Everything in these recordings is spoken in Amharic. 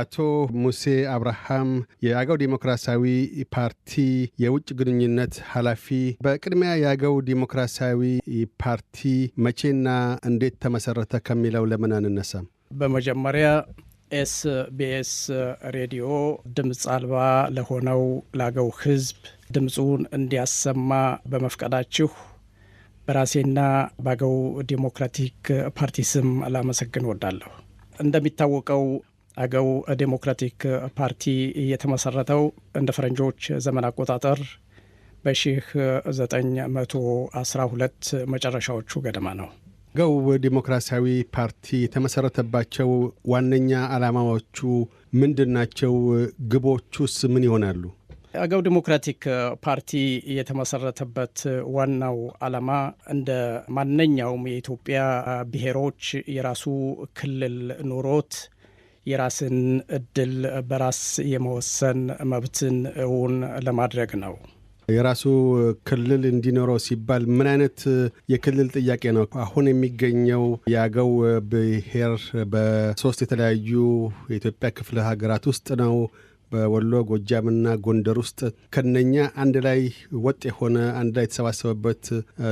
አቶ ሙሴ አብርሃም የአገው ዲሞክራሲያዊ ፓርቲ የውጭ ግንኙነት ኃላፊ፣ በቅድሚያ የአገው ዲሞክራሲያዊ ፓርቲ መቼና እንዴት ተመሰረተ ከሚለው ለምን አንነሳም? በመጀመሪያ ኤስቢኤስ ሬዲዮ ድምፅ አልባ ለሆነው ላገው ህዝብ ድምፁን እንዲያሰማ በመፍቀዳችሁ በራሴና በአገው ዲሞክራቲክ ፓርቲ ስም ላመሰግን ወዳለሁ። እንደሚታወቀው አገው ዴሞክራቲክ ፓርቲ የተመሰረተው እንደ ፈረንጆች ዘመን አቆጣጠር በ 912 መጨረሻዎቹ ገደማ ነው። አገው ዴሞክራሲያዊ ፓርቲ የተመሰረተባቸው ዋነኛ ዓላማዎቹ ምንድን ናቸው? ግቦቹስ ምን ይሆናሉ? አገው ዴሞክራቲክ ፓርቲ የተመሰረተበት ዋናው ዓላማ እንደ ማንኛውም የኢትዮጵያ ብሔሮች የራሱ ክልል ኑሮት የራስን እድል በራስ የመወሰን መብትን እውን ለማድረግ ነው። የራሱ ክልል እንዲኖረው ሲባል ምን አይነት የክልል ጥያቄ ነው? አሁን የሚገኘው የአገው ብሔር በሶስት የተለያዩ የኢትዮጵያ ክፍለ ሀገራት ውስጥ ነው። በወሎ ጎጃምና ጎንደር ውስጥ ከነኛ አንድ ላይ ወጥ የሆነ አንድ ላይ የተሰባሰበበት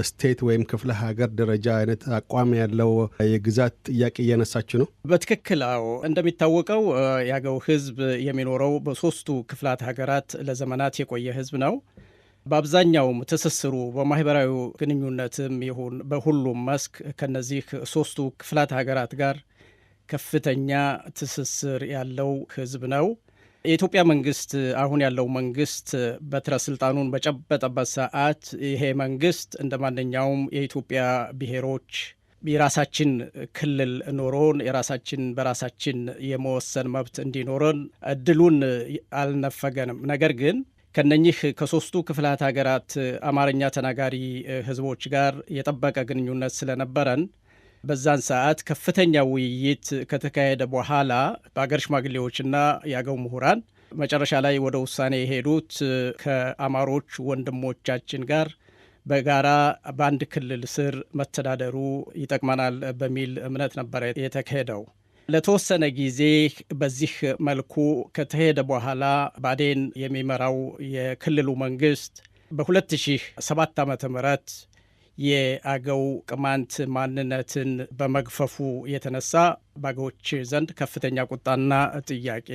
ስቴት ወይም ክፍለ ሀገር ደረጃ አይነት አቋም ያለው የግዛት ጥያቄ እያነሳችሁ ነው? በትክክል አዎ። እንደሚታወቀው የአገው ህዝብ የሚኖረው በሶስቱ ክፍላት ሀገራት ለዘመናት የቆየ ህዝብ ነው። በአብዛኛውም ትስስሩ በማህበራዊ ግንኙነትም ይሁን በሁሉም መስክ ከነዚህ ሶስቱ ክፍላት ሀገራት ጋር ከፍተኛ ትስስር ያለው ህዝብ ነው። የኢትዮጵያ መንግስት አሁን ያለው መንግስት በትረ ስልጣኑን በጨበጠበት ሰዓት ይሄ መንግስት እንደ ማንኛውም የኢትዮጵያ ብሔሮች የራሳችን ክልል ኖሮን የራሳችን በራሳችን የመወሰን መብት እንዲኖረን እድሉን አልነፈገንም። ነገር ግን ከነኚህ ከሶስቱ ክፍላት ሀገራት አማርኛ ተናጋሪ ህዝቦች ጋር የጠበቀ ግንኙነት ስለነበረን በዛን ሰዓት ከፍተኛ ውይይት ከተካሄደ በኋላ በአገር ሽማግሌዎችና የአገው ምሁራን መጨረሻ ላይ ወደ ውሳኔ የሄዱት ከአማሮች ወንድሞቻችን ጋር በጋራ በአንድ ክልል ስር መተዳደሩ ይጠቅመናል በሚል እምነት ነበረ የተካሄደው። ለተወሰነ ጊዜ በዚህ መልኩ ከተሄደ በኋላ ባዴን የሚመራው የክልሉ መንግስት በ2007 ዓ.ም የአገው ቅማንት ማንነትን በመግፈፉ የተነሳ በአገዎች ዘንድ ከፍተኛ ቁጣና ጥያቄ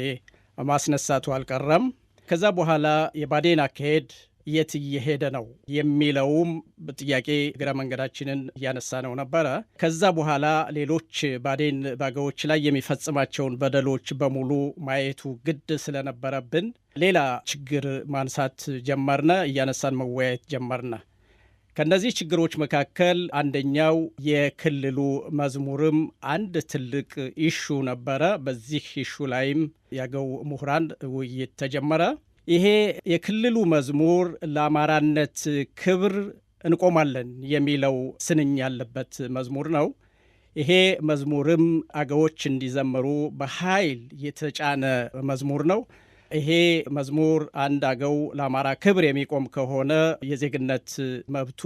ማስነሳቱ አልቀረም። ከዛ በኋላ የባዴን አካሄድ የት እየሄደ ነው የሚለውም ጥያቄ እግረ መንገዳችንን እያነሳ ነው ነበረ። ከዛ በኋላ ሌሎች ባዴን ባገዎች ላይ የሚፈጽማቸውን በደሎች በሙሉ ማየቱ ግድ ስለነበረብን ሌላ ችግር ማንሳት ጀመርነ፣ እያነሳን መወያየት ጀመርነ። ከእነዚህ ችግሮች መካከል አንደኛው የክልሉ መዝሙርም አንድ ትልቅ ኢሹ ነበረ። በዚህ ኢሹ ላይም ያገው ምሁራን ውይይት ተጀመረ። ይሄ የክልሉ መዝሙር ለአማራነት ክብር እንቆማለን የሚለው ስንኝ ያለበት መዝሙር ነው። ይሄ መዝሙርም አገዎች እንዲዘምሩ በኃይል የተጫነ መዝሙር ነው። ይሄ መዝሙር አንድ አገው ለአማራ ክብር የሚቆም ከሆነ የዜግነት መብቱ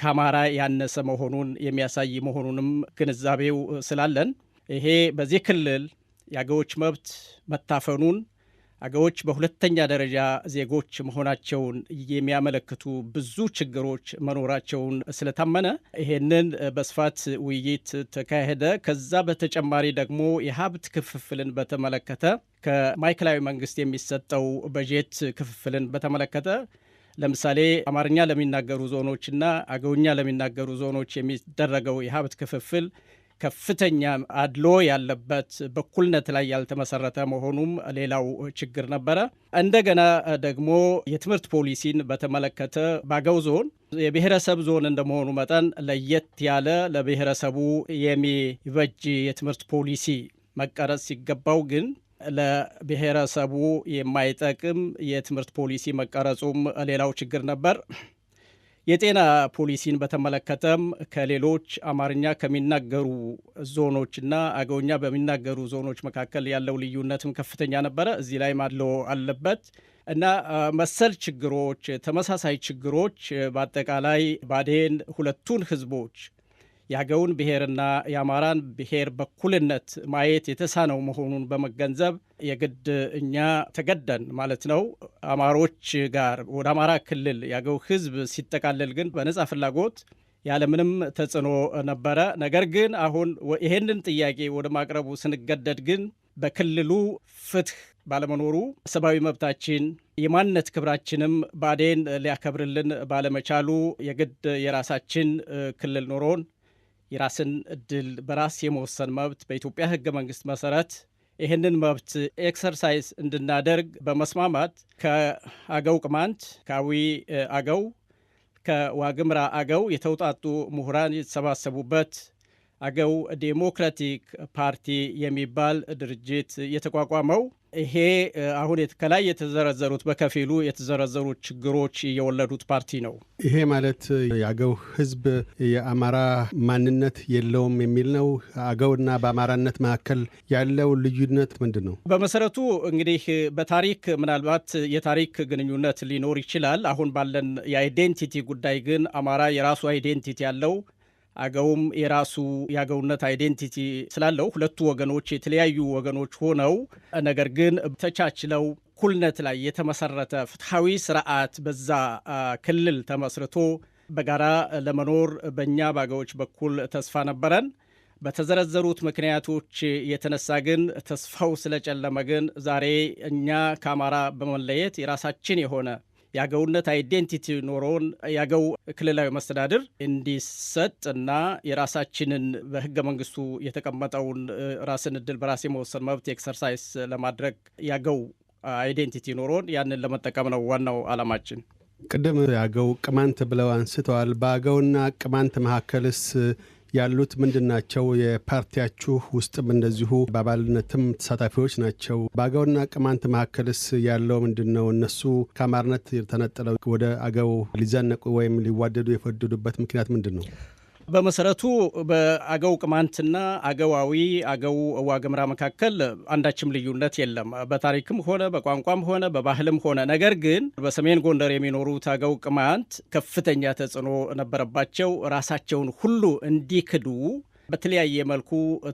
ከአማራ ያነሰ መሆኑን የሚያሳይ መሆኑንም ግንዛቤው ስላለን ይሄ በዚህ ክልል የአገዎች መብት መታፈኑን አገዎች በሁለተኛ ደረጃ ዜጎች መሆናቸውን የሚያመለክቱ ብዙ ችግሮች መኖራቸውን ስለታመነ ይሄንን በስፋት ውይይት ተካሄደ። ከዛ በተጨማሪ ደግሞ የሀብት ክፍፍልን በተመለከተ ከማዕከላዊ መንግስት የሚሰጠው በጀት ክፍፍልን በተመለከተ ለምሳሌ አማርኛ ለሚናገሩ ዞኖችና አገውኛ ለሚናገሩ ዞኖች የሚደረገው የሀብት ክፍፍል ከፍተኛ አድሎ ያለበት በኩልነት ላይ ያልተመሰረተ መሆኑም ሌላው ችግር ነበረ። እንደገና ደግሞ የትምህርት ፖሊሲን በተመለከተ ባገው ዞን የብሔረሰብ ዞን እንደመሆኑ መጠን ለየት ያለ ለብሔረሰቡ የሚበጅ የትምህርት ፖሊሲ መቀረጽ ሲገባው ግን ለብሔረሰቡ የማይጠቅም የትምህርት ፖሊሲ መቀረጹም ሌላው ችግር ነበር። የጤና ፖሊሲን በተመለከተም ከሌሎች አማርኛ ከሚናገሩ ዞኖችና አገውኛ በሚናገሩ ዞኖች መካከል ያለው ልዩነትም ከፍተኛ ነበረ። እዚህ ላይ ማለው አለበት እና መሰል ችግሮች፣ ተመሳሳይ ችግሮች በአጠቃላይ ባዴን ሁለቱን ህዝቦች የአገውን ብሔርና የአማራን ብሔር በኩልነት ማየት የተሳነው መሆኑን በመገንዘብ የግድ እኛ ተገደን ማለት ነው አማሮች ጋር ወደ አማራ ክልል የአገው ህዝብ ሲጠቃለል ግን በነጻ ፍላጎት ያለምንም ተጽዕኖ ነበረ። ነገር ግን አሁን ይሄንን ጥያቄ ወደ ማቅረቡ ስንገደድ ግን በክልሉ ፍትህ ባለመኖሩ ሰብአዊ መብታችን የማንነት ክብራችንም ባዴን ሊያከብርልን ባለመቻሉ የግድ የራሳችን ክልል ኖሮን የራስን እድል በራስ የመወሰን መብት በኢትዮጵያ ህገ መንግስት መሰረት ይህንን መብት ኤክሰርሳይዝ እንድናደርግ በመስማማት ከአገው ቅማንት፣ ከአዊ አገው፣ ከዋግምራ አገው የተውጣጡ ምሁራን የተሰባሰቡበት አገው ዴሞክራቲክ ፓርቲ የሚባል ድርጅት የተቋቋመው ይሄ አሁን ከላይ የተዘረዘሩት በከፊሉ የተዘረዘሩ ችግሮች የወለዱት ፓርቲ ነው። ይሄ ማለት የአገው ሕዝብ የአማራ ማንነት የለውም የሚል ነው። አገውና በአማራነት መካከል ያለው ልዩነት ምንድን ነው? በመሰረቱ እንግዲህ በታሪክ ምናልባት የታሪክ ግንኙነት ሊኖር ይችላል። አሁን ባለን የአይዴንቲቲ ጉዳይ ግን አማራ የራሱ አይዴንቲቲ ያለው አገውም የራሱ የአገውነት አይዴንቲቲ ስላለው ሁለቱ ወገኖች የተለያዩ ወገኖች ሆነው ነገር ግን ተቻችለው እኩልነት ላይ የተመሰረተ ፍትሐዊ ስርዓት በዛ ክልል ተመስርቶ በጋራ ለመኖር በእኛ ባገዎች በኩል ተስፋ ነበረን። በተዘረዘሩት ምክንያቶች የተነሳ ግን ተስፋው ስለጨለመ ግን ዛሬ እኛ ከአማራ በመለየት የራሳችን የሆነ የአገውነት አይዴንቲቲ ኖሮን የአገው ክልላዊ መስተዳድር እንዲሰጥ እና የራሳችንን በህገ መንግስቱ የተቀመጠውን ራስን እድል በራስ የመወሰን መብት ኤክሰርሳይዝ ለማድረግ የአገው አይዴንቲቲ ኖሮን ያንን ለመጠቀም ነው ዋናው አላማችን ቅድም የአገው ቅማንት ብለው አንስተዋል። በአገውና ቅማንት መካከልስ ያሉት ምንድን ናቸው? የፓርቲያችሁ ውስጥም እንደዚሁ በአባልነትም ተሳታፊዎች ናቸው። በአገውና ቅማንት መካከልስ ያለው ምንድን ነው? እነሱ ከአማርነት ተነጥለው ወደ አገው ሊዘነቁ ወይም ሊዋደዱ የፈደዱበት ምክንያት ምንድን ነው? በመሰረቱ በአገው ቅማንትና አገዋዊ አገው ዋግምራ መካከል አንዳችም ልዩነት የለም፣ በታሪክም ሆነ በቋንቋም ሆነ በባህልም ሆነ። ነገር ግን በሰሜን ጎንደር የሚኖሩት አገው ቅማንት ከፍተኛ ተጽዕኖ ነበረባቸው። ራሳቸውን ሁሉ እንዲክዱ በተለያየ መልኩ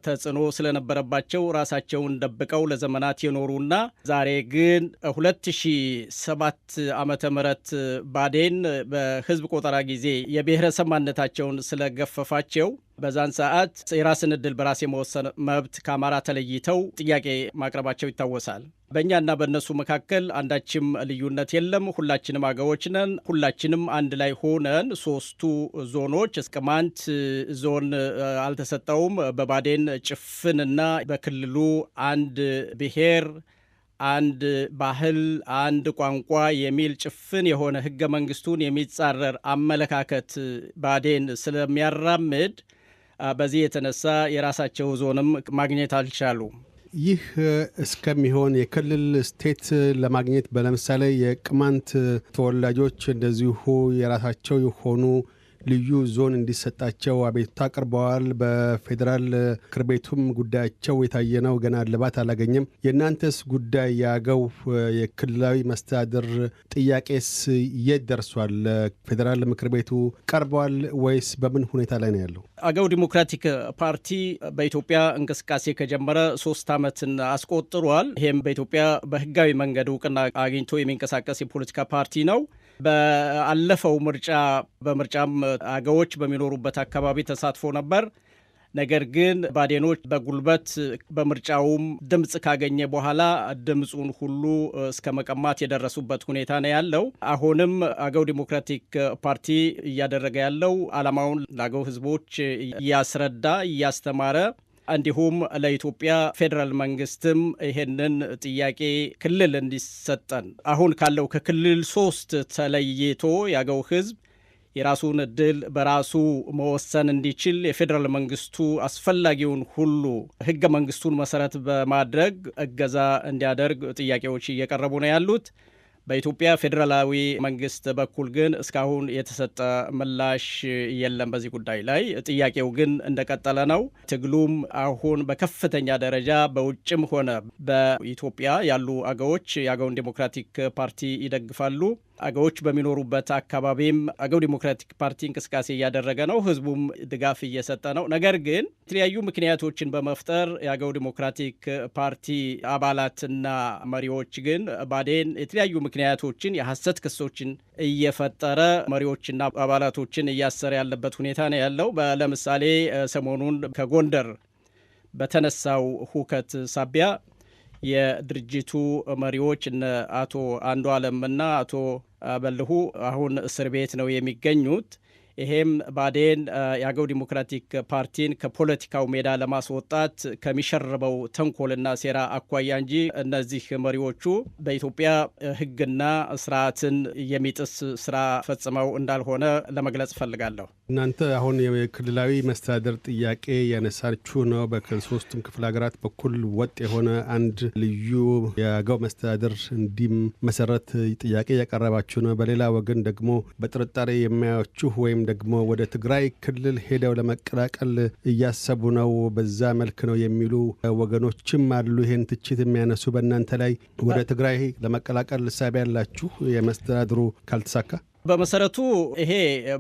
ተጽዕኖ ስለነበረባቸው ራሳቸውን ደብቀው ለዘመናት የኖሩና ዛሬ ግን 2007 ዓመተ ምህረት ባዴን በህዝብ ቆጠራ ጊዜ የብሔረሰብ ማንነታቸውን ስለገፈፋቸው በዛን ሰዓት የራስን እድል በራስ የመወሰን መብት ከአማራ ተለይተው ጥያቄ ማቅረባቸው ይታወሳል። በእኛና በእነሱ መካከል አንዳችም ልዩነት የለም። ሁላችንም አገዎች ነን። ሁላችንም አንድ ላይ ሆነን ሶስቱ ዞኖች እስከ ማንት ዞን አልተሰጠውም። በባዴን ጭፍንና በክልሉ አንድ ብሔር፣ አንድ ባህል፣ አንድ ቋንቋ የሚል ጭፍን የሆነ ህገ መንግስቱን የሚጻረር አመለካከት ባዴን ስለሚያራምድ በዚህ የተነሳ የራሳቸው ዞንም ማግኘት አልቻሉ። ይህ እስከሚሆን የክልል ስቴት ለማግኘት በለምሳሌ የቅማንት ተወላጆች እንደዚሁ የራሳቸው የሆኑ ልዩ ዞን እንዲሰጣቸው አቤቱታ አቅርበዋል። በፌዴራል ምክር ቤቱም ጉዳያቸው የታየ ነው፣ ገና እልባት አላገኘም። የእናንተስ ጉዳይ የአገው የክልላዊ መስተዳድር ጥያቄስ የት ደርሷል? ፌዴራል ምክር ቤቱ ቀርበዋል ወይስ በምን ሁኔታ ላይ ነው ያለው? አገው ዲሞክራቲክ ፓርቲ በኢትዮጵያ እንቅስቃሴ ከጀመረ ሶስት ዓመትን አስቆጥሯል። ይህም በኢትዮጵያ በህጋዊ መንገድ እውቅና አግኝቶ የሚንቀሳቀስ የፖለቲካ ፓርቲ ነው። በአለፈው ምርጫ በምርጫም አገዎች በሚኖሩበት አካባቢ ተሳትፎ ነበር። ነገር ግን ባዴኖች በጉልበት በምርጫውም ድምፅ ካገኘ በኋላ ድምፁን ሁሉ እስከ መቀማት የደረሱበት ሁኔታ ነው ያለው። አሁንም አገው ዲሞክራቲክ ፓርቲ እያደረገ ያለው ዓላማውን ለአገው ሕዝቦች እያስረዳ እያስተማረ እንዲሁም ለኢትዮጵያ ፌዴራል መንግስትም ይሄንን ጥያቄ ክልል እንዲሰጠን አሁን ካለው ከክልል ሶስት ተለይቶ ያገው ህዝብ የራሱን እድል በራሱ መወሰን እንዲችል የፌዴራል መንግስቱ አስፈላጊውን ሁሉ ህገ መንግስቱን መሰረት በማድረግ እገዛ እንዲያደርግ ጥያቄዎች እየቀረቡ ነው ያሉት። በኢትዮጵያ ፌዴራላዊ መንግስት በኩል ግን እስካሁን የተሰጠ ምላሽ የለም በዚህ ጉዳይ ላይ። ጥያቄው ግን እንደቀጠለ ነው። ትግሉም አሁን በከፍተኛ ደረጃ በውጭም ሆነ በኢትዮጵያ ያሉ አገዎች የአገውን ዴሞክራቲክ ፓርቲ ይደግፋሉ። አገዎች በሚኖሩበት አካባቢም አገው ዲሞክራቲክ ፓርቲ እንቅስቃሴ እያደረገ ነው። ህዝቡም ድጋፍ እየሰጠ ነው። ነገር ግን የተለያዩ ምክንያቶችን በመፍጠር የአገው ዲሞክራቲክ ፓርቲ አባላትና መሪዎች ግን ባዴን የተለያዩ ምክንያቶችን የሐሰት ክሶችን እየፈጠረ መሪዎችና አባላቶችን እያሰረ ያለበት ሁኔታ ነው ያለው። ለምሳሌ ሰሞኑን ከጎንደር በተነሳው ሁከት ሳቢያ የድርጅቱ መሪዎች እነ አቶ አንዱ አለምና አቶ በልሁ አሁን እስር ቤት ነው የሚገኙት። ይሄም ባዴን የአገው ዲሞክራቲክ ፓርቲን ከፖለቲካው ሜዳ ለማስወጣት ከሚሸርበው ተንኮልና ሴራ አኳያ እንጂ እነዚህ መሪዎቹ በኢትዮጵያ ሕግና ስርዓትን የሚጥስ ስራ ፈጽመው እንዳልሆነ ለመግለጽ እፈልጋለሁ። እናንተ አሁን የክልላዊ መስተዳደር ጥያቄ ያነሳችሁ ነው። በሶስቱም ክፍለ ሀገራት በኩል ወጥ የሆነ አንድ ልዩ የአገው መስተዳደር እንዲመሰረት ጥያቄ ያቀረባችሁ ነው። በሌላ ወገን ደግሞ በጥርጣሬ የሚያያችሁ ወይም ደግሞ ወደ ትግራይ ክልል ሄደው ለመቀላቀል እያሰቡ ነው፣ በዛ መልክ ነው የሚሉ ወገኖችም አሉ። ይህን ትችት የሚያነሱ በእናንተ ላይ ወደ ትግራይ ለመቀላቀል እሳቤ ያላችሁ የመስተዳድሩ ካልተሳካ በመሰረቱ ይሄ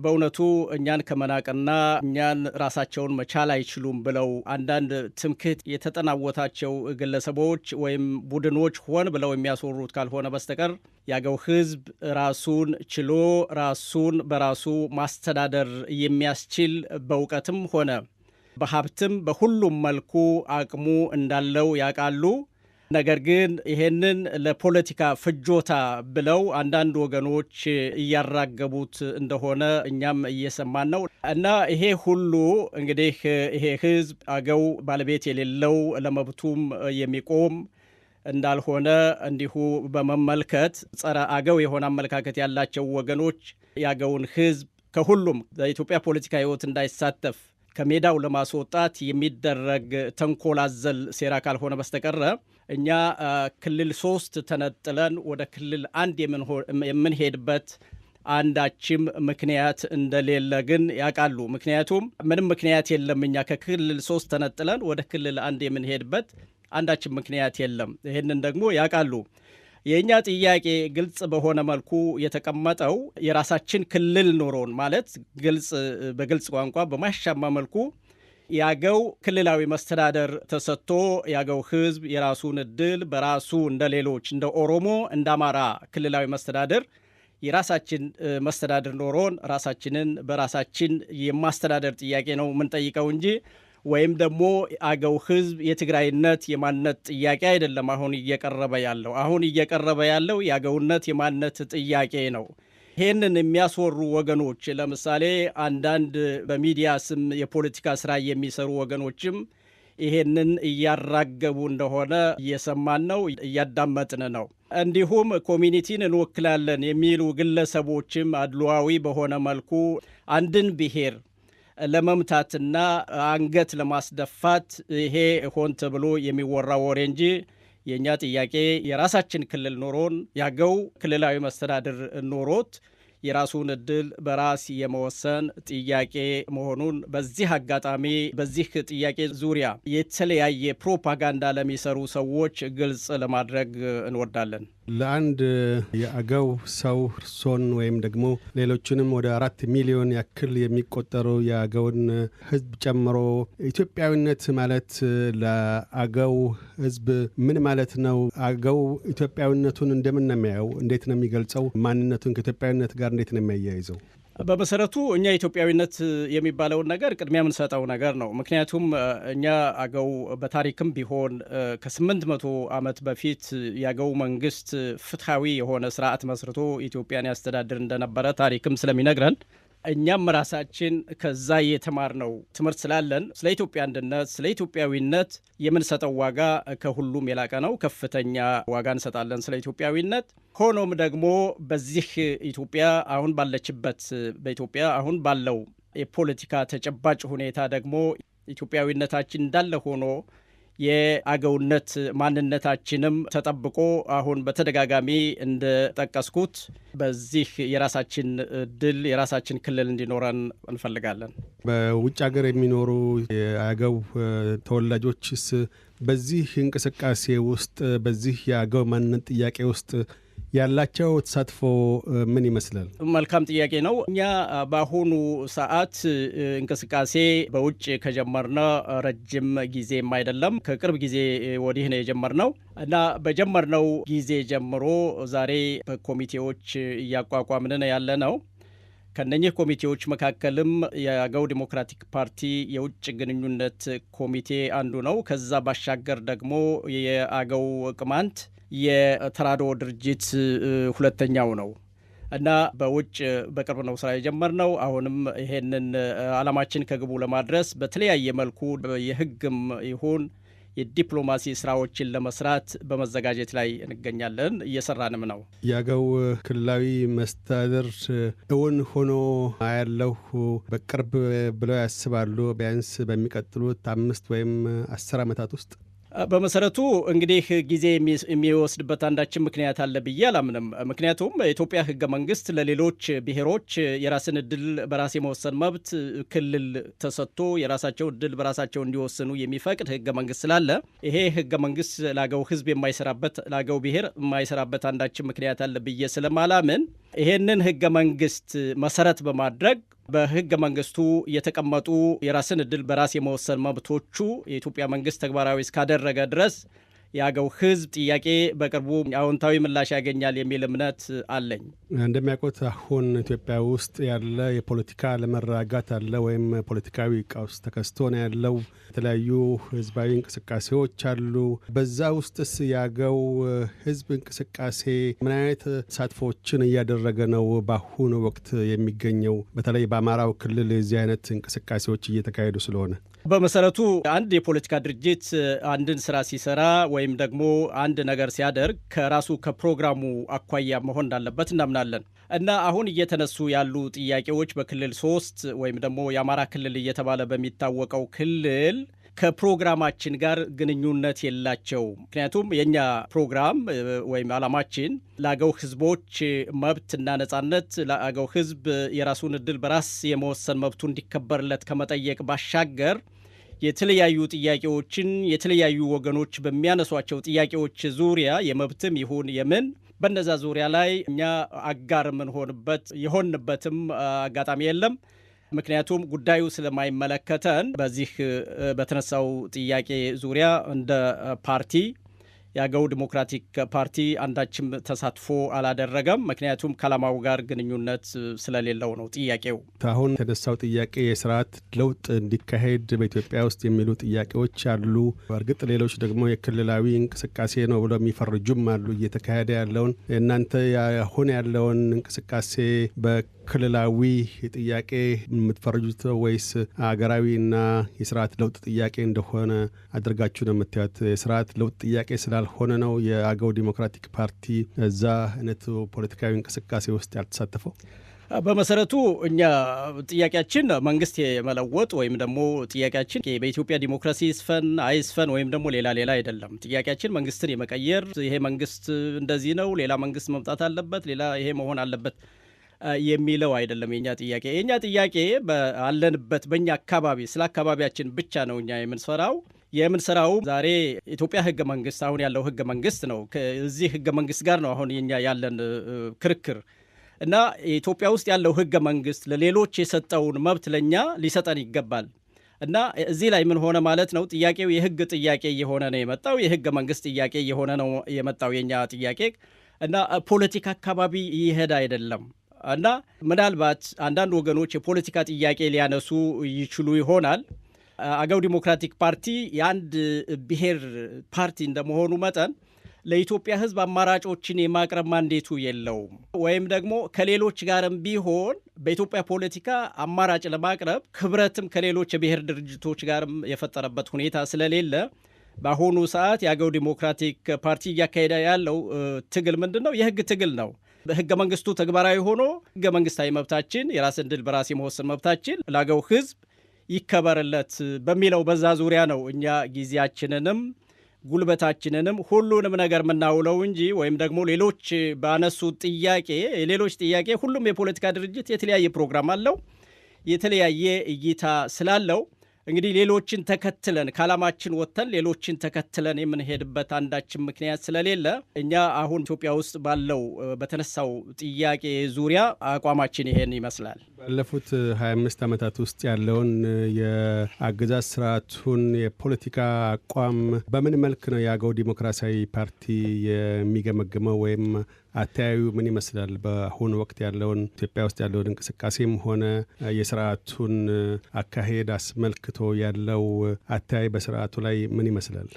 በእውነቱ እኛን ከመናቅና እኛን ራሳቸውን መቻል አይችሉም ብለው አንዳንድ ትምክህት የተጠናወታቸው ግለሰቦች ወይም ቡድኖች ሆን ብለው የሚያስወሩት ካልሆነ በስተቀር ያገው ሕዝብ ራሱን ችሎ ራሱን በራሱ ማስተዳደር የሚያስችል በእውቀትም ሆነ በሀብትም በሁሉም መልኩ አቅሙ እንዳለው ያውቃሉ። ነገር ግን ይሄንን ለፖለቲካ ፍጆታ ብለው አንዳንድ ወገኖች እያራገቡት እንደሆነ እኛም እየሰማን ነው እና ይሄ ሁሉ እንግዲህ ይሄ ህዝብ አገው ባለቤት የሌለው ለመብቱም የሚቆም እንዳልሆነ እንዲሁ በመመልከት ጸረ አገው የሆነ አመለካከት ያላቸው ወገኖች የአገውን ህዝብ ከሁሉም በኢትዮጵያ ፖለቲካ ህይወት እንዳይሳተፍ ከሜዳው ለማስወጣት የሚደረግ ተንኮል አዘል ሴራ ካልሆነ በስተቀረ እኛ ክልል ሶስት ተነጥለን ወደ ክልል አንድ የምንሄድበት አንዳችም ምክንያት እንደሌለ ግን ያውቃሉ። ምክንያቱም ምንም ምክንያት የለም። እኛ ከክልል ሶስት ተነጥለን ወደ ክልል አንድ የምንሄድበት አንዳችም ምክንያት የለም። ይህንን ደግሞ ያውቃሉ። የእኛ ጥያቄ ግልጽ በሆነ መልኩ የተቀመጠው የራሳችን ክልል ኖሮን ማለት ግልጽ በግልጽ ቋንቋ በማያሻማ መልኩ የአገው ክልላዊ መስተዳደር ተሰጥቶ የአገው ህዝብ የራሱን እድል በራሱ እንደ ሌሎች እንደ ኦሮሞ እንደ አማራ ክልላዊ መስተዳደር የራሳችን መስተዳደር ኖሮን ራሳችንን በራሳችን የማስተዳደር ጥያቄ ነው የምንጠይቀው እንጂ ወይም ደግሞ አገው ህዝብ የትግራይነት የማንነት ጥያቄ አይደለም። አሁን እየቀረበ ያለው አሁን እየቀረበ ያለው የአገውነት የማንነት ጥያቄ ነው። ይህንን የሚያስወሩ ወገኖች ለምሳሌ አንዳንድ በሚዲያ ስም የፖለቲካ ስራ የሚሰሩ ወገኖችም ይሄንን እያራገቡ እንደሆነ እየሰማን ነው፣ እያዳመጥን ነው። እንዲሁም ኮሚኒቲን እንወክላለን የሚሉ ግለሰቦችም አድሏዊ በሆነ መልኩ አንድን ብሔር ለመምታትና አንገት ለማስደፋት ይሄ ሆን ተብሎ የሚወራ ወሬ እንጂ የእኛ ጥያቄ የራሳችን ክልል ኖሮን ያገው ክልላዊ መስተዳድር ኖሮት የራሱን እድል በራስ የመወሰን ጥያቄ መሆኑን በዚህ አጋጣሚ በዚህ ጥያቄ ዙሪያ የተለያየ ፕሮፓጋንዳ ለሚሰሩ ሰዎች ግልጽ ለማድረግ እንወዳለን። ለአንድ የአገው ሰው እርሶን ወይም ደግሞ ሌሎችንም ወደ አራት ሚሊዮን ያክል የሚቆጠሩ የአገውን ህዝብ ጨምሮ ኢትዮጵያዊነት ማለት ለአገው ህዝብ ምን ማለት ነው? አገው ኢትዮጵያዊነቱን እንደምን ነው የሚያየው? እንዴት ነው የሚገልጸው? ማንነቱን ከኢትዮጵያዊነት ጋር እንዴት ነው የሚያያይዘው? በመሰረቱ እኛ ኢትዮጵያዊነት የሚባለውን ነገር ቅድሚያ የምንሰጠው ነገር ነው። ምክንያቱም እኛ አገው በታሪክም ቢሆን ከስምንት መቶ ዓመት በፊት የአገው መንግስት ፍትሐዊ የሆነ ስርዓት መስርቶ ኢትዮጵያን ያስተዳድር እንደነበረ ታሪክም ስለሚነግረን እኛም ራሳችን ከዛ የተማርነው ትምህርት ስላለን ስለ ኢትዮጵያ አንድነት፣ ስለ ኢትዮጵያዊነት የምንሰጠው ዋጋ ከሁሉም የላቀ ነው። ከፍተኛ ዋጋ እንሰጣለን ስለ ኢትዮጵያዊነት። ሆኖም ደግሞ በዚህ ኢትዮጵያ አሁን ባለችበት በኢትዮጵያ አሁን ባለው የፖለቲካ ተጨባጭ ሁኔታ ደግሞ ኢትዮጵያዊነታችን እንዳለ ሆኖ የአገውነት ማንነታችንም ተጠብቆ አሁን በተደጋጋሚ እንደጠቀስኩት በዚህ የራሳችን ድል የራሳችን ክልል እንዲኖረን እንፈልጋለን። በውጭ ሀገር የሚኖሩ የአገው ተወላጆችስ በዚህ እንቅስቃሴ ውስጥ በዚህ የአገው ማንነት ጥያቄ ውስጥ ያላቸው ተሳትፎ ምን ይመስላል? መልካም ጥያቄ ነው። እኛ በአሁኑ ሰዓት እንቅስቃሴ በውጭ ከጀመርነ ረጅም ጊዜም አይደለም፣ ከቅርብ ጊዜ ወዲህ ነው የጀመርነው እና በጀመርነው ጊዜ ጀምሮ ዛሬ በኮሚቴዎች እያቋቋምን ያለ ነው። ከነኚህ ኮሚቴዎች መካከልም የአገው ዲሞክራቲክ ፓርቲ የውጭ ግንኙነት ኮሚቴ አንዱ ነው። ከዛ ባሻገር ደግሞ የአገው ቅማንት የተራድኦ ድርጅት ሁለተኛው ነው እና በውጭ በቅርብ ነው ስራ የጀመር ነው። አሁንም ይሄንን አላማችን ከግቡ ለማድረስ በተለያየ መልኩ የህግም ይሁን የዲፕሎማሲ ስራዎችን ለመስራት በመዘጋጀት ላይ እንገኛለን፣ እየሰራንም ነው። የአገው ክልላዊ መስተዳድር እውን ሆኖ አያለሁ በቅርብ ብለው ያስባሉ? ቢያንስ በሚቀጥሉት አምስት ወይም አስር ዓመታት ውስጥ በመሰረቱ እንግዲህ ጊዜ የሚወስድበት አንዳችን ምክንያት አለ ብዬ አላምንም። ምክንያቱም የኢትዮጵያ ህገ መንግስት ለሌሎች ብሔሮች የራስን እድል በራስ የመወሰን መብት ክልል ተሰጥቶ የራሳቸው እድል በራሳቸው እንዲወስኑ የሚፈቅድ ህገ መንግስት ስላለ ይሄ ህገ መንግስት ላገው ህዝብ የማይሰራበት ላገው ብሔር የማይሰራበት አንዳችን ምክንያት አለ ብዬ ስለማላምን ይሄንን ህገ መንግስት መሰረት በማድረግ በህገ መንግስቱ የተቀመጡ የራስን እድል በራስ የመወሰን መብቶቹ የኢትዮጵያ መንግስት ተግባራዊ እስካደረገ ድረስ የአገው ህዝብ ጥያቄ በቅርቡ አዎንታዊ ምላሽ ያገኛል የሚል እምነት አለኝ። እንደሚያውቁት አሁን ኢትዮጵያ ውስጥ ያለ የፖለቲካ አለመረጋጋት አለ ወይም ፖለቲካዊ ቀውስ ተከስቶ ነው ያለው። የተለያዩ ህዝባዊ እንቅስቃሴዎች አሉ። በዛ ውስጥስ የአገው ህዝብ እንቅስቃሴ ምን አይነት ተሳትፎችን እያደረገ ነው በአሁኑ ወቅት የሚገኘው? በተለይ በአማራው ክልል የዚህ አይነት እንቅስቃሴዎች እየተካሄዱ ስለሆነ በመሰረቱ አንድ የፖለቲካ ድርጅት አንድን ስራ ሲሰራ ወይም ደግሞ አንድ ነገር ሲያደርግ ከራሱ ከፕሮግራሙ አኳያ መሆን እንዳለበት እናምናለን እና አሁን እየተነሱ ያሉ ጥያቄዎች በክልል ሶስት ወይም ደግሞ የአማራ ክልል እየተባለ በሚታወቀው ክልል ከፕሮግራማችን ጋር ግንኙነት የላቸው። ምክንያቱም የእኛ ፕሮግራም ወይም ዓላማችን ለአገው መብት እና ነጻነት ለአገው ህዝብ የራሱን እድል በራስ የመወሰን መብቱ እንዲከበርለት ከመጠየቅ ባሻገር የተለያዩ ጥያቄዎችን የተለያዩ ወገኖች በሚያነሷቸው ጥያቄዎች ዙሪያ የመብትም ይሁን የምን በነዛ ዙሪያ ላይ እኛ አጋር የምንሆንበት የሆንበትም አጋጣሚ የለም። ምክንያቱም ጉዳዩ ስለማይመለከተን በዚህ በተነሳው ጥያቄ ዙሪያ እንደ ፓርቲ የአገው ዲሞክራቲክ ፓርቲ አንዳችም ተሳትፎ አላደረገም። ምክንያቱም ከዓላማው ጋር ግንኙነት ስለሌለው ነው ጥያቄው። አሁን የተነሳው ጥያቄ የስርዓት ለውጥ እንዲካሄድ በኢትዮጵያ ውስጥ የሚሉ ጥያቄዎች አሉ። በእርግጥ ሌሎች ደግሞ የክልላዊ እንቅስቃሴ ነው ብለው የሚፈርጁም አሉ። እየተካሄደ ያለውን እናንተ አሁን ያለውን እንቅስቃሴ በ ክልላዊ ጥያቄ የምትፈርጁት ወይስ አገራዊና የስርዓት ለውጥ ጥያቄ እንደሆነ አድርጋችሁ ነው የምታዩት? የስርዓት ለውጥ ጥያቄ ስላልሆነ ነው የአገው ዲሞክራቲክ ፓርቲ እዛ አይነት ፖለቲካዊ እንቅስቃሴ ውስጥ ያልተሳተፈው? በመሰረቱ እኛ ጥያቄያችን መንግስት የመለወጥ ወይም ደግሞ ጥያቄያችን በኢትዮጵያ ዲሞክራሲ ይስፈን አይስፈን ወይም ደግሞ ሌላ ሌላ አይደለም። ጥያቄያችን መንግስትን የመቀየር ይሄ መንግስት እንደዚህ ነው፣ ሌላ መንግስት መምጣት አለበት፣ ሌላ ይሄ መሆን አለበት የሚለው አይደለም የኛ ጥያቄ። የኛ ጥያቄ አለንበት በእኛ አካባቢ ስለ አካባቢያችን ብቻ ነው እኛ የምንሰራው የምንሰራው ዛሬ ኢትዮጵያ ህገ መንግስት አሁን ያለው ህገ መንግስት ነው። ከዚህ ህገ መንግስት ጋር ነው አሁን የኛ ያለን ክርክር እና ኢትዮጵያ ውስጥ ያለው ህገ መንግስት ለሌሎች የሰጠውን መብት ለእኛ ሊሰጠን ይገባል። እና እዚህ ላይ ምን ሆነ ማለት ነው ጥያቄው የህግ ጥያቄ እየሆነ ነው የመጣው። የህገ መንግስት ጥያቄ እየሆነ ነው የመጣው የእኛ ጥያቄ እና ፖለቲካ አካባቢ ይሄድ አይደለም። እና ምናልባት አንዳንድ ወገኖች የፖለቲካ ጥያቄ ሊያነሱ ይችሉ ይሆናል። አገው ዲሞክራቲክ ፓርቲ የአንድ ብሔር ፓርቲ እንደመሆኑ መጠን ለኢትዮጵያ ሕዝብ አማራጮችን የማቅረብ ማንዴቱ የለውም ወይም ደግሞ ከሌሎች ጋርም ቢሆን በኢትዮጵያ ፖለቲካ አማራጭ ለማቅረብ ክብረትም ከሌሎች የብሔር ድርጅቶች ጋርም የፈጠረበት ሁኔታ ስለሌለ በአሁኑ ሰዓት የአገው ዲሞክራቲክ ፓርቲ እያካሄደ ያለው ትግል ምንድን ነው? የህግ ትግል ነው። ህገ መንግስቱ ተግባራዊ ሆኖ ህገ መንግስታዊ መብታችን የራስን ድል በራስ የመወሰን መብታችን ላገው ህዝብ ይከበርለት በሚለው በዛ ዙሪያ ነው እኛ ጊዜያችንንም ጉልበታችንንም ሁሉንም ነገር የምናውለው እንጂ ወይም ደግሞ ሌሎች ባነሱት ጥያቄ የሌሎች ጥያቄ ሁሉም የፖለቲካ ድርጅት የተለያየ ፕሮግራም አለው፣ የተለያየ እይታ ስላለው እንግዲህ ሌሎችን ተከትለን ከዓላማችን ወጥተን ሌሎችን ተከትለን የምንሄድበት አንዳችን ምክንያት ስለሌለ እኛ አሁን ኢትዮጵያ ውስጥ ባለው በተነሳው ጥያቄ ዙሪያ አቋማችን ይሄን ይመስላል። ባለፉት 25 ዓመታት ውስጥ ያለውን የአገዛዝ ስርዓቱን የፖለቲካ አቋም በምን መልክ ነው የአገው ዲሞክራሲያዊ ፓርቲ የሚገመግመው ወይም አተያዩ ምን ይመስላል? በአሁኑ ወቅት ያለውን ኢትዮጵያ ውስጥ ያለውን እንቅስቃሴም ሆነ የስርዓቱን አካሄድ አስመልክቶ ያለው አተያይ በስርዓቱ ላይ ምን ይመስላል?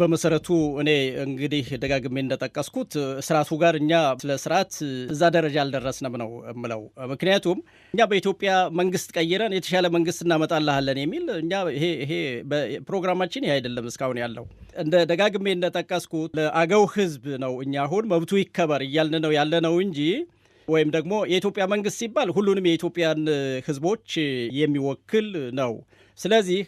በመሰረቱ እኔ እንግዲህ ደጋግሜ እንደጠቀስኩት ስርዓቱ ጋር እኛ ስለ ስርዓት እዛ ደረጃ አልደረስንም ነው የምለው። ምክንያቱም እኛ በኢትዮጵያ መንግስት ቀይረን የተሻለ መንግስት እናመጣልሃለን የሚል እኛ ይሄ ፕሮግራማችን ይሄ አይደለም። እስካሁን ያለው እንደ ደጋግሜ እንደጠቀስኩት ለአገው ህዝብ ነው እኛ አሁን መብቱ ይከበር እያልን ነው ያለ ነው እንጂ ወይም ደግሞ የኢትዮጵያ መንግስት ሲባል ሁሉንም የኢትዮጵያን ህዝቦች የሚወክል ነው። ስለዚህ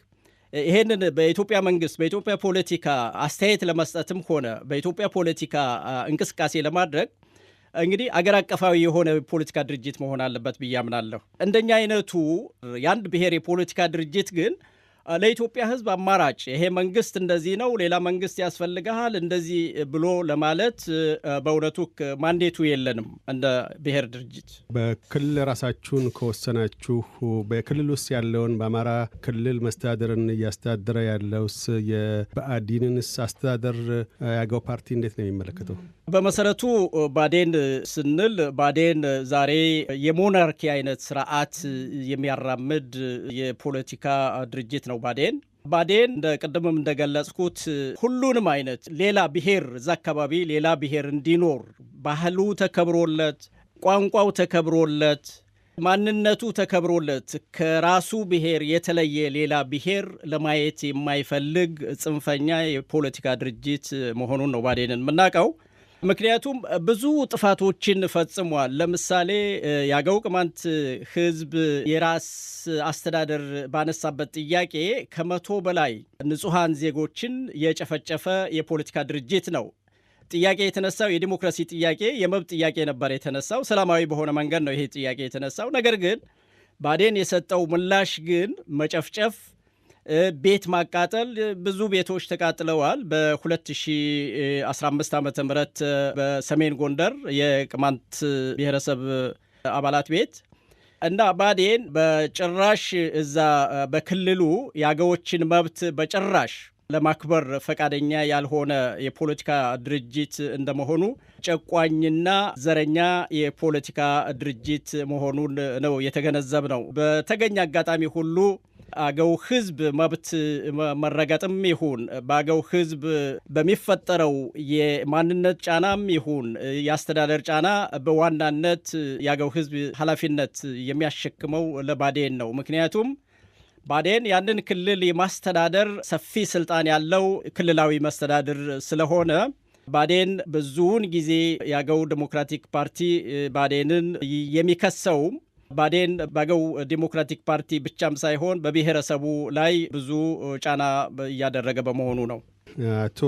ይሄንን በኢትዮጵያ መንግስት በኢትዮጵያ ፖለቲካ አስተያየት ለመስጠትም ሆነ በኢትዮጵያ ፖለቲካ እንቅስቃሴ ለማድረግ እንግዲህ አገር አቀፋዊ የሆነ ፖለቲካ ድርጅት መሆን አለበት ብዬ አምናለሁ። እንደኛ አይነቱ የአንድ ብሔር የፖለቲካ ድርጅት ግን ለኢትዮጵያ ሕዝብ አማራጭ ይሄ መንግስት እንደዚህ ነው፣ ሌላ መንግስት ያስፈልግሃል እንደዚህ ብሎ ለማለት በእውነቱ ማንዴቱ የለንም። እንደ ብሔር ድርጅት በክልል ራሳችሁን ከወሰናችሁ በክልል ውስጥ ያለውን በአማራ ክልል መስተዳደርን እያስተዳደረ ያለውስ የብአዴንንስ አስተዳደር ያገው ፓርቲ እንዴት ነው የሚመለከተው? በመሰረቱ ባዴን ስንል ባዴን ዛሬ የሞናርኪ አይነት ስርዓት የሚያራምድ የፖለቲካ ድርጅት ነው። ነው ባዴን ባዴን እንደ ቅድምም እንደገለጽኩት ሁሉንም አይነት ሌላ ብሔር እዛ አካባቢ ሌላ ብሔር እንዲኖር ባህሉ ተከብሮለት፣ ቋንቋው ተከብሮለት፣ ማንነቱ ተከብሮለት ከራሱ ብሔር የተለየ ሌላ ብሔር ለማየት የማይፈልግ ጽንፈኛ የፖለቲካ ድርጅት መሆኑን ነው ባዴንን የምናውቀው። ምክንያቱም ብዙ ጥፋቶችን ፈጽሟል። ለምሳሌ የአገው ቅማንት ህዝብ የራስ አስተዳደር ባነሳበት ጥያቄ ከመቶ በላይ ንጹሐን ዜጎችን የጨፈጨፈ የፖለቲካ ድርጅት ነው። ጥያቄ የተነሳው የዲሞክራሲ ጥያቄ የመብት ጥያቄ ነበር የተነሳው። ሰላማዊ በሆነ መንገድ ነው ይሄ ጥያቄ የተነሳው። ነገር ግን ባዴን የሰጠው ምላሽ ግን መጨፍጨፍ ቤት ማቃጠል ብዙ ቤቶች ተቃጥለዋል። በ2015 ዓ ም በሰሜን ጎንደር የቅማንት ብሔረሰብ አባላት ቤት እና ባዴን በጭራሽ እዛ በክልሉ የአገዎችን መብት በጭራሽ ለማክበር ፈቃደኛ ያልሆነ የፖለቲካ ድርጅት እንደመሆኑ ጨቋኝና ዘረኛ የፖለቲካ ድርጅት መሆኑን ነው የተገነዘብ ነው። በተገኘ አጋጣሚ ሁሉ አገው ሕዝብ መብት መረገጥም ይሁን በአገው ሕዝብ በሚፈጠረው የማንነት ጫናም ይሁን የአስተዳደር ጫና በዋናነት የአገው ሕዝብ ኃላፊነት የሚያሸክመው ለባዴን ነው። ምክንያቱም ባዴን ያንን ክልል የማስተዳደር ሰፊ ስልጣን ያለው ክልላዊ መስተዳድር ስለሆነ ባዴን ብዙውን ጊዜ የአገው ዴሞክራቲክ ፓርቲ ባዴንን የሚከሰው ባዴን በአገው ዴሞክራቲክ ፓርቲ ብቻም ሳይሆን በብሔረሰቡ ላይ ብዙ ጫና እያደረገ በመሆኑ ነው። አቶ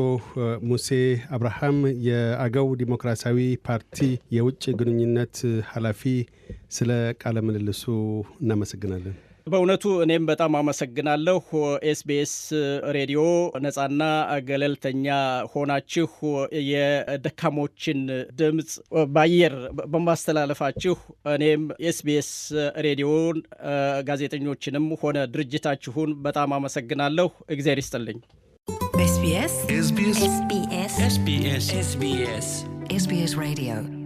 ሙሴ አብርሃም የአገው ዲሞክራሲያዊ ፓርቲ የውጭ ግንኙነት ኃላፊ፣ ስለ ቃለ ምልልሱ እናመሰግናለን። በእውነቱ እኔም በጣም አመሰግናለሁ። ኤስቢኤስ ሬዲዮ ነጻና ገለልተኛ ሆናችሁ የደካሞችን ድምፅ በአየር በማስተላለፋችሁ እኔም ኤስቢኤስ ሬዲዮን ጋዜጠኞችንም ሆነ ድርጅታችሁን በጣም አመሰግናለሁ። እግዜር ይስጥልኝ። ኤስቢኤስ ሬዲዮ